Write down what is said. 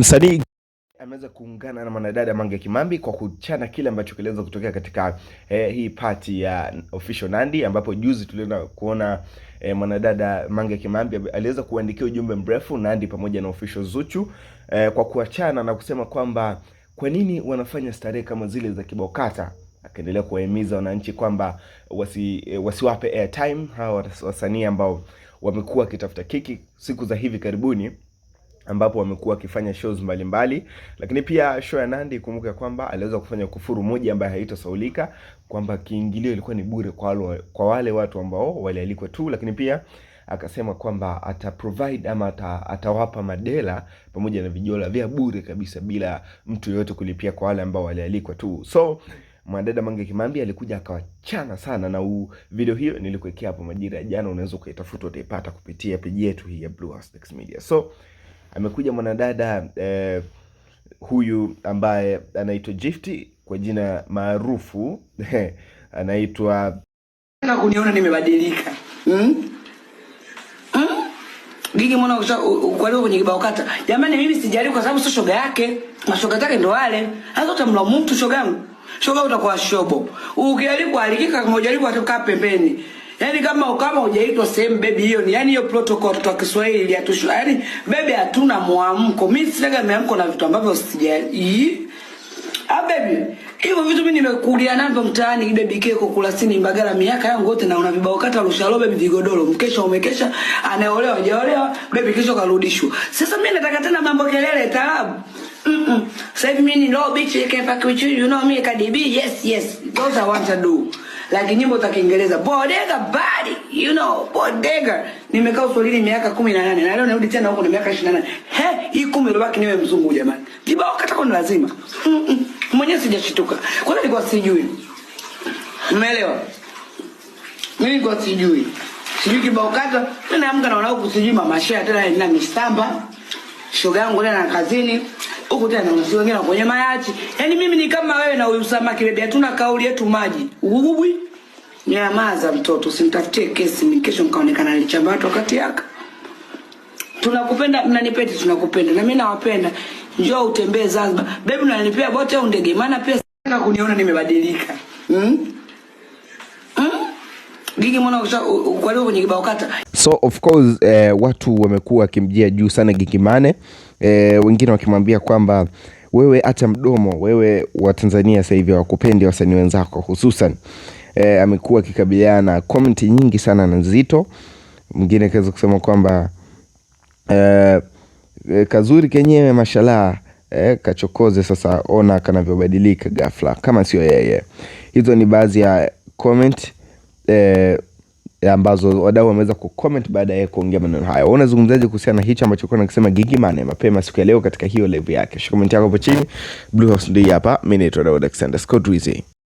Msanii ameweza kuungana na mwanadada Mange Kimambi kwa kuchana kile ambacho kiliweza kutokea katika eh, hii party ya official Nandy, ambapo juzi tuliona kuona eh, mwanadada Mange Kimambi aliweza kuandikia ujumbe mrefu Nandy pamoja na official Zuchu eh, kwa kuachana na kusema kwamba kwa nini wanafanya starehe kama zile za kibokata akaendelea kuwahimiza wananchi kwamba wasi, eh, wasiwape airtime hawa wasanii ambao wamekuwa wakitafuta kiki siku za hivi karibuni ambapo wamekuwa wakifanya shows mbalimbali mbali. Lakini pia show ya Nandi, kumbuka kwamba aliweza kufanya kufuru moja ambayo haitosaulika kwamba kiingilio ilikuwa ni bure kwa wale, kwa wale watu ambao walialikwa tu, lakini pia akasema kwamba ata provide ama ata, atawapa madela pamoja na vijola vya bure kabisa bila mtu yoyote kulipia kwa wale ambao walialikwa tu. So mwanadada Mange Kimambi alikuja akawachana sana na u video hiyo nilikuwekea hapo majira ya jana, unaweza ukaitafuta utaipata kupitia peji yetu hii ya Blue House Media. So amekuja mwanadada eh, huyu ambaye anaitwa Gifty kwa jina maarufu anaitwa kuniona nimebadilika mm? Gigi mwana leo kwenye kibao kata. Jamani, mimi sijali kwa sababu sio shoga yake, mashoga zake ndo wale. Hata utamla mtu shoga yangu, shoga utakuwa shobo. Ukijaribu alikika, kama hujaribu atakaa pembeni. Yaani kama kama hujaitwa same baby hiyo ni yani hiyo protocol kwa Kiswahili ya tushu. Yaani baby hatuna mwamko. Mimi sinaga mwamko na vitu ambavyo sija Ah baby, hivyo vitu mimi nimekulia navyo mtaani baby keko kula sini mbagara miaka yangu yote na una vibao kata rushalo baby vigodoro. Mkesha umekesha, anaolewa hajaolewa, baby kesho karudishwa. Sasa mimi nataka tena mambo kelele taabu. Mm -mm. Sasa hivi mimi ni low bitch, you can fuck with you, you know me, kadibi. Yes, yes. Those I want to do like nyimbo za Kiingereza bodega body you know bodega. Nimekaa Uswahilini miaka kumi na nane na leo narudi tena huko na miaka ishirini na nane he, hii kumi ilibaki niwe mzungu jamani, kibao katako ni lazima mm -mm. Mwenyewe sijashituka, kwa nini nilikuwa sijui? Umeelewa? Mimi nilikuwa sijui sijui kibao kata, mimi naamka naona na sijui mama mamasha tena na mistamba shoga yangu tena na kazini huku tena unasia wengine wako kwenye mayachi. Yaani mimi ni kama wewe na huyu samaki bebi, hatuna kauli yetu maji. Ugugubwi. Nyamaza mtoto, usimtafutie kesi mimi kesho mkaonekana nilichamba watu wakati yaka. Tunakupenda, mnanipeti tunakupenda. Na mimi nawapenda. Njoo utembee Zanzibar. Bebi unanipea bote au ndege? Maana pia sana kuniona nimebadilika. Mm? gigi mwana ukaliwa kwenye kibao kata. So of course eh, watu wamekuwa wakimjia juu sana Gigy Money eh, wengine wakimwambia kwamba wewe hata mdomo wewe wa Tanzania sasa hivi hawakupendi wasanii wenzako hususan eh, amekuwa akikabiliana na komenti nyingi sana na nzito. Mwingine akaweza kusema kwamba eh, eh, kazuri kenyewe mashallah eh, kachokoze sasa, ona kanavyobadilika ghafla kama sio yeye. Hizo ni baadhi ya komenti. Eh, ambazo wadau wameweza kucomment baada ya kuongea maneno haya Wewe unazungumzaje kuhusiana na hicho ambacho kuna nakisema Gigy Money mapema siku ya leo katika hiyo live yake? Shika comment yako hapo chini. Blue House ndio hapa. Mimi ni Daud Alexander Scott Rizzi.